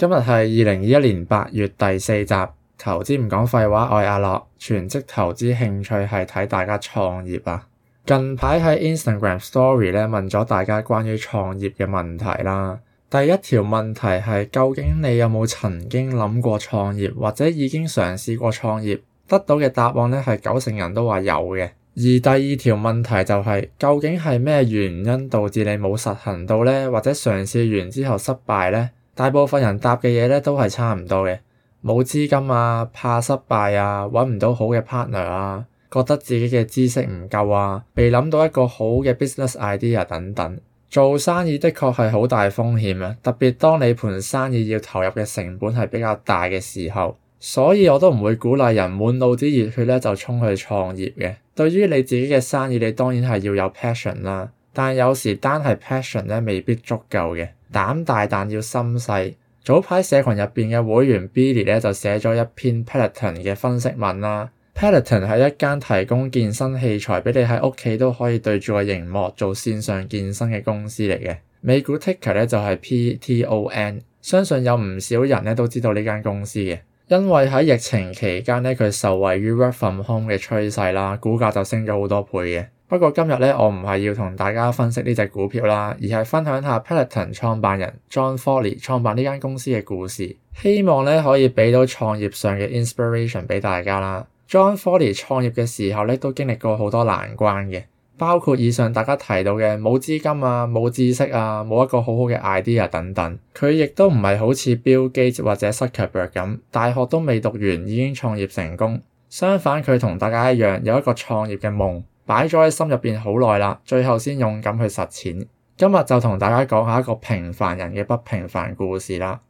今日係二零二一年八月第四集，投資唔講廢話，我係阿樂，全職投資興趣係睇大家創業啊。近排喺 Instagram Story 呢問咗大家關於創業嘅問題啦。第一條問題係究竟你有冇曾經諗過創業或者已經嘗試過創業？得到嘅答案呢係九成人都話有嘅。而第二條問題就係究竟係咩原因導致你冇實行到呢？或者嘗試完之後失敗呢？大部分人答嘅嘢咧都係差唔多嘅，冇資金啊，怕失敗啊，揾唔到好嘅 partner 啊，覺得自己嘅知識唔夠啊，未諗到一個好嘅 business idea 等等。做生意的確係好大風險啊，特別當你盤生意要投入嘅成本係比較大嘅時候。所以我都唔會鼓勵人滿腦子熱血咧就衝去創業嘅。對於你自己嘅生意，你當然係要有 passion 啦，但有時單係 passion 咧未必足夠嘅。膽大但要心細。早排社群入邊嘅會員 Billy 咧就寫咗一篇 Peloton 嘅分析文啦。Peloton 係一間提供健身器材畀你喺屋企都可以對住個熒幕做線上健身嘅公司嚟嘅。美股 Ticker 咧就係 PTON，相信有唔少人咧都知道呢間公司嘅，因為喺疫情期間咧佢受惠於 Work From Home 嘅趨勢啦，股價就升咗好多倍嘅。不過今日咧，我唔係要同大家分析呢隻股票啦，而係分享下 Peloton 創辦人 John Foley 創辦呢間公司嘅故事，希望咧可以俾到創業上嘅 inspiration 俾大家啦。John Foley 創業嘅時候咧都經歷過好多難關嘅，包括以上大家提到嘅冇資金啊、冇知識啊、冇一個好好嘅 idea 等等。佢亦都唔係好似 Bill Gates 或者 Zuckerberg 咁，大學都未讀完已經創業成功。相反，佢同大家一樣有一個創業嘅夢。擺咗喺心入邊好耐啦，最後先勇敢去實踐。今日就同大家講下一個平凡人嘅不平凡故事啦。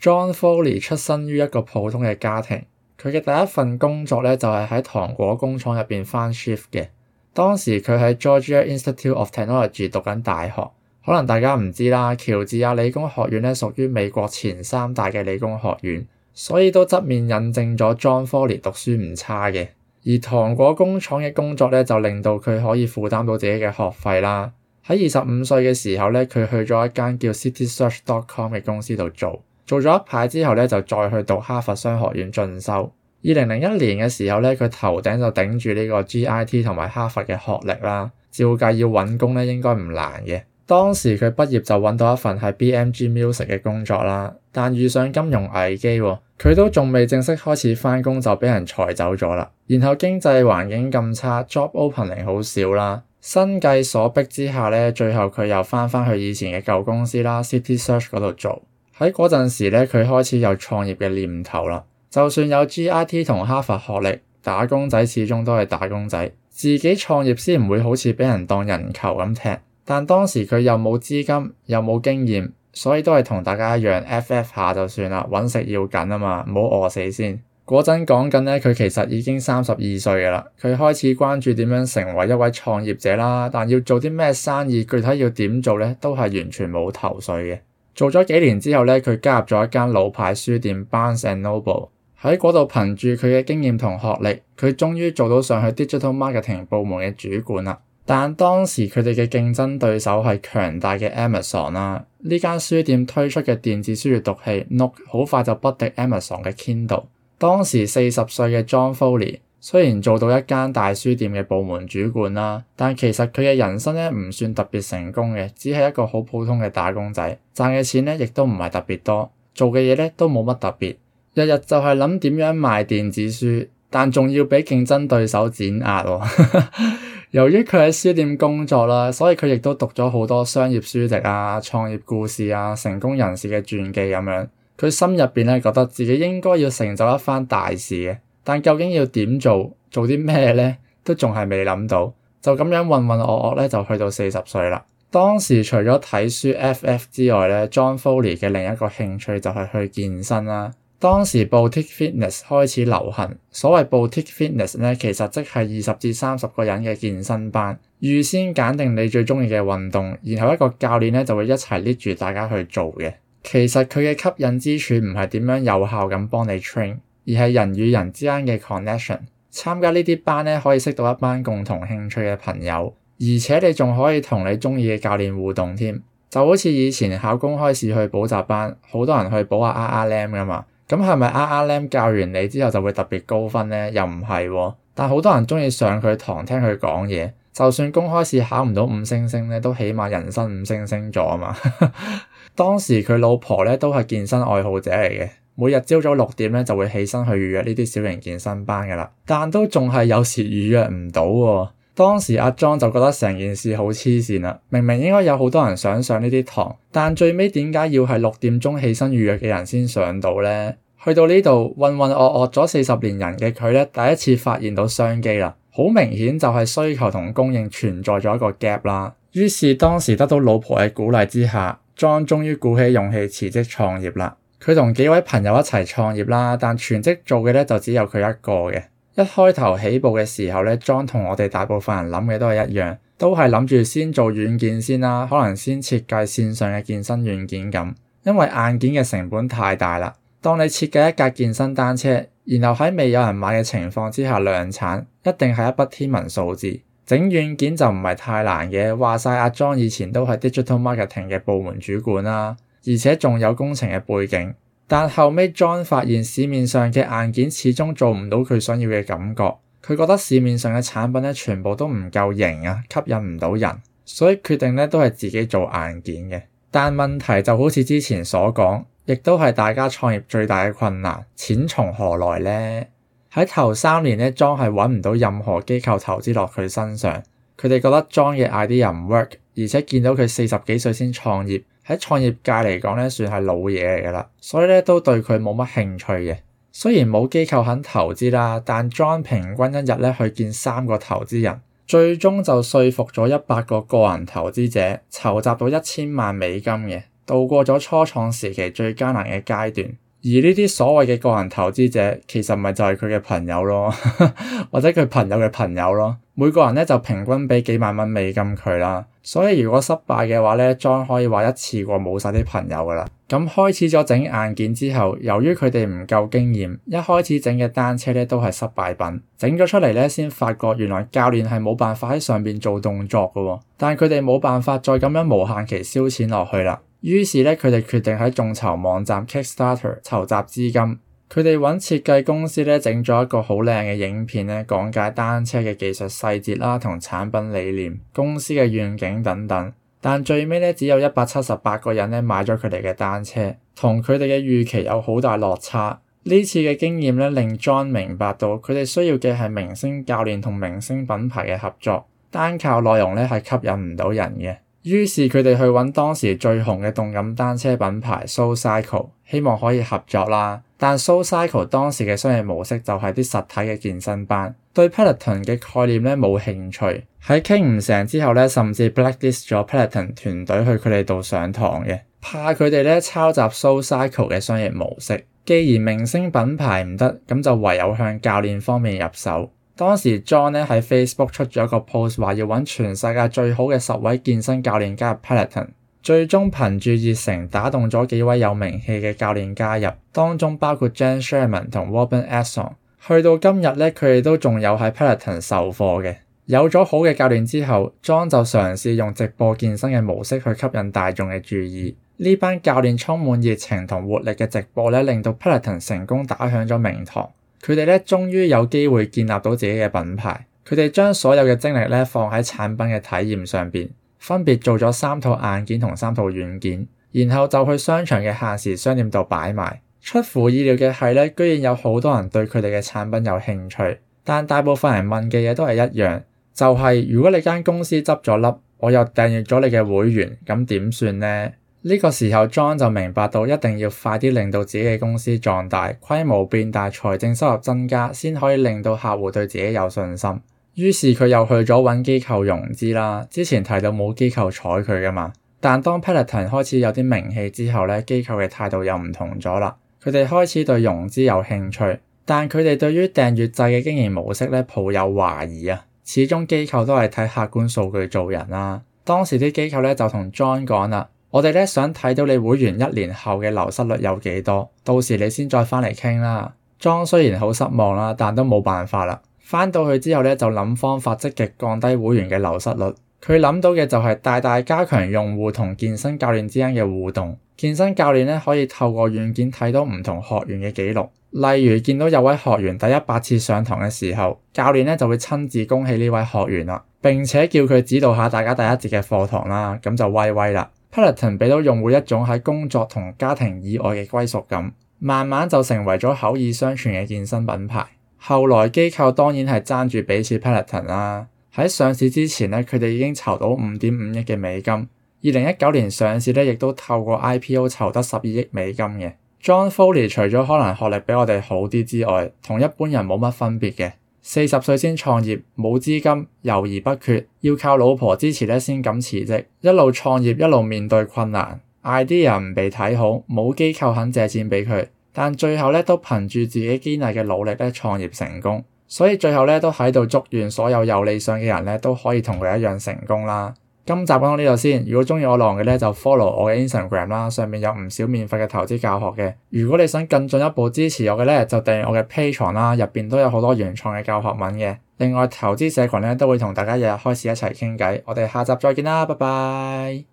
John Foley 出生於一個普通嘅家庭，佢嘅第一份工作咧就係喺糖果工廠入邊返 shift 嘅。當時佢喺 Georgia Institute of Technology 讀緊大學。可能大家唔知啦，喬治亞理工學院咧屬於美國前三大嘅理工學院，所以都側面印證咗 John Foley 讀書唔差嘅。而糖果工廠嘅工作咧就令到佢可以負擔到自己嘅學費啦。喺二十五歲嘅時候咧，佢去咗一間叫 CitySearch.com 嘅公司度做，做咗一排之後咧就再去讀哈佛商學院進修。二零零一年嘅時候咧，佢頭頂就頂住呢個 GIT 同埋哈佛嘅學歷啦，照計要揾工咧應該唔難嘅。當時佢畢業就揾到一份係 BMG Music 嘅工作啦，但遇上金融危機喎，佢都仲未正式開始返工就俾人裁走咗啦。然後經濟環境咁差，job opening 好少啦，生計所迫之下呢，最後佢又返返去以前嘅舊公司啦，City Search 嗰度做。喺嗰陣時呢，佢開始有創業嘅念頭啦。就算有 GRT 同哈佛學歷，打工仔始終都係打工仔，自己創業先唔會好似俾人當人球咁踢。但當時佢又冇資金，又冇經驗，所以都係同大家一樣，FF 下就算啦，揾食要緊啊嘛，唔好餓死先。嗰陣講緊咧，佢其實已經三十二歲㗎啦，佢開始關注點樣成為一位創業者啦，但要做啲咩生意，具體要點做呢，都係完全冇頭緒嘅。做咗幾年之後呢，佢加入咗一間老牌書店 Barnes and Noble，喺嗰度憑住佢嘅經驗同學歷，佢終於做到上去 digital marketing 部門嘅主管啦。但當時佢哋嘅競爭對手係強大嘅 Amazon 啦，呢間書店推出嘅電子書閱讀器 Nook 好快就不敵 Amazon 嘅 Kindle。當時四十歲嘅 John Foley 雖然做到一間大書店嘅部門主管啦，但其實佢嘅人生咧，唔算特別成功嘅，只係一個好普通嘅打工仔，賺嘅錢咧亦都唔係特別多，做嘅嘢咧都冇乜特別，日日就係諗點樣賣電子書。但仲要畀競爭對手碾壓喎。由於佢喺書店工作啦，所以佢亦都讀咗好多商業書籍啊、創業故事啊、成功人士嘅傳記咁樣。佢心入邊咧覺得自己應該要成就一番大事嘅，但究竟要點做、做啲咩咧，都仲係未諗到。就咁樣渾渾噩噩咧，就去到四十歲啦。當時除咗睇書 FF 之外咧，John Foley 嘅另一個興趣就係去健身啦、啊。當時 Boutique Fitness 開始流行，所謂 Boutique Fitness 呢，其實即係二十至三十個人嘅健身班，預先揀定你最中意嘅運動，然後一個教練呢就會一齊拎住大家去做嘅。其實佢嘅吸引之處唔係點樣有效咁幫你 train，而係人與人之間嘅 connection。參加呢啲班呢，可以識到一班共同興趣嘅朋友，而且你仲可以同你中意嘅教練互動添。就好似以前考公開試去補習班，好多人去補阿 RRM 㗎嘛。咁係咪阿阿 Lem 教完你之後就會特別高分呢？又唔係喎，但好多人鍾意上佢堂聽佢講嘢，就算公開試考唔到五星星咧，都起碼人生五星星咗啊嘛！ 當時佢老婆咧都係健身愛好者嚟嘅，每日朝早六點咧就會起身去預約呢啲小型健身班噶啦，但都仲係有時預約唔到喎。當時阿、啊、莊就覺得成件事好黐線啦，明明應該有好多人想上呢啲堂，但最尾點解要係六點鐘起身預約嘅人先上到咧？去到呢度混混噩噩咗四十年人嘅佢咧，第一次發現到商機啦，好明顯就係需求同供應存在咗一個 gap 啦。於是當時得到老婆嘅鼓勵之下，莊終於鼓起勇氣辭職創業啦。佢同幾位朋友一齊創業啦，但全職做嘅咧就只有佢一個嘅。一開頭起步嘅時候咧，莊同我哋大部分人諗嘅都係一樣，都係諗住先做軟件先啦，可能先設計線上嘅健身軟件咁，因為硬件嘅成本太大啦。當你設計一架健身單車，然後喺未有人買嘅情況之下量產，一定係一筆天文數字。整軟件就唔係太難嘅，話晒，阿莊以前都係 Digital Marketing 嘅部門主管啦，而且仲有工程嘅背景。但後尾 John 發現市面上嘅硬件始終做唔到佢想要嘅感覺，佢覺得市面上嘅產品咧，全部都唔夠型啊，吸引唔到人，所以決定咧都係自己做硬件嘅。但問題就好似之前所講，亦都係大家創業最大嘅困難，錢從何來呢？喺頭三年咧，John 係揾唔到任何機構投資落佢身上，佢哋覺得 John 嘅 idea 唔 work，而且見到佢四十幾歲先創業。喺創業界嚟講咧，算係老嘢嚟㗎啦，所以咧都對佢冇乜興趣嘅。雖然冇機構肯投資啦，但 John 平均一日咧去見三個投資人，最終就說服咗一百個個人投資者，籌集到一千萬美金嘅，渡過咗初創時期最艱難嘅階段。而呢啲所謂嘅個人投資者，其實咪就係佢嘅朋友咯， 或者佢朋友嘅朋友咯。每個人咧就平均畀幾萬蚊美金佢啦。所以如果失敗嘅話呢，將可以話一次過冇晒啲朋友㗎喇。咁開始咗整硬件之後，由於佢哋唔夠經驗，一開始整嘅單車咧都係失敗品。整咗出嚟呢，先發覺，原來教練係冇辦法喺上面做動作嘅喎。但係佢哋冇辦法再咁樣無限期燒錢落去啦。於是咧，佢哋決定喺眾籌網站 Kickstarter 籌集資金。佢哋揾設計公司咧整咗一個好靚嘅影片咧，講解單車嘅技術細節啦，同產品理念、公司嘅願景等等。但最尾，只有一百七十八個人咧買咗佢哋嘅單車，同佢哋嘅預期有好大落差。呢次嘅經驗咧，令 John 明白到佢哋需要嘅係明星教練同明星品牌嘅合作，單靠內容咧係吸引唔到人嘅。於是佢哋去揾當時最紅嘅動感單車品牌 SoulCycle，希望可以合作啦。但 SoulCycle 當時嘅商業模式就係啲實體嘅健身班，對 Peloton 嘅概念呢冇興趣。喺傾唔成之後呢，甚至 blacklist 咗 Peloton 團隊去佢哋度上堂嘅，怕佢哋呢抄襲 SoulCycle 嘅商業模式。既然明星品牌唔得，咁就唯有向教練方面入手。當時 John 咧喺 Facebook 出咗個 post，話要揾全世界最好嘅十位健身教練加入 Peloton。最終憑住熱誠打動咗幾位有名氣嘅教練加入，當中包括 John Sherman 同 Robin Atson。去到今日咧，佢哋都仲有喺 Peloton 授課嘅。有咗好嘅教練之後，John 就嘗試用直播健身嘅模式去吸引大眾嘅注意。呢班教練充滿熱情同活力嘅直播咧，令到 Peloton 成功打響咗名堂。佢哋咧，終於有機會建立到自己嘅品牌。佢哋將所有嘅精力放喺產品嘅體驗上面，分別做咗三套硬件同三套軟件，然後就去商場嘅限時商店度擺賣。出乎意料嘅係，居然有好多人對佢哋嘅產品有興趣。但大部分人問嘅嘢都係一樣，就係、是、如果你間公司執咗笠，我又訂閱咗你嘅會員，咁點算呢？呢個時候，John 就明白到一定要快啲令到自己嘅公司壯大，規模變大，財政收入增加，先可以令到客戶對自己有信心。於是佢又去咗揾機構融資啦。之前提到冇機構採佢㗎嘛，但當 Peloton 開始有啲名氣之後咧，機構嘅態度又唔同咗啦。佢哋開始對融資有興趣，但佢哋對於訂閱制嘅經營模式咧抱有懷疑啊。始終機構都係睇客觀數據做人啦。當時啲機構咧就同 John 講啦。我哋呢想睇到你會員一年後嘅流失率有幾多，到時你先再返嚟傾啦。莊雖然好失望啦，但都冇辦法啦。返到去之後呢就諗方法積極降低會員嘅流失率。佢諗到嘅就係大大加強用戶同健身教練之間嘅互動。健身教練呢可以透過軟件睇到唔同學員嘅記錄，例如見到有位學員第一百次上堂嘅時候，教練呢就會親自恭喜呢位學員啦，並且叫佢指導下大家第一節嘅課堂啦，咁就威威啦。Peloton 俾到用戶一種喺工作同家庭以外嘅歸屬感，慢慢就成為咗口耳相傳嘅健身品牌。後來機構當然係爭住比試 Peloton 啦。喺上市之前咧，佢哋已經籌到五點五億嘅美金。二零一九年上市呢，亦都透過 IPO 籌得十二億美金嘅。John Foley 除咗可能學歷比我哋好啲之外，同一般人冇乜分別嘅。四十歲先創業，冇資金，猶豫不決，要靠老婆支持咧先敢辭職。一路創業，一路面對困難，idea 唔被睇好，冇機構肯借錢畀佢。但最後咧都憑住自己堅毅嘅努力咧創業成功。所以最後咧都喺度祝願所有有理想嘅人咧都可以同佢一樣成功啦。今集講到呢度先，如果中意我的浪嘅咧就 follow 我嘅 Instagram 啦，上面有唔少免費嘅投資教學嘅。如果你想更進一步支持我嘅咧，就訂閱我嘅 Patreon 啦，入邊都有好多原創嘅教學文嘅。另外投資社群咧都會同大家日日開始一齊傾偈。我哋下集再見啦，拜拜。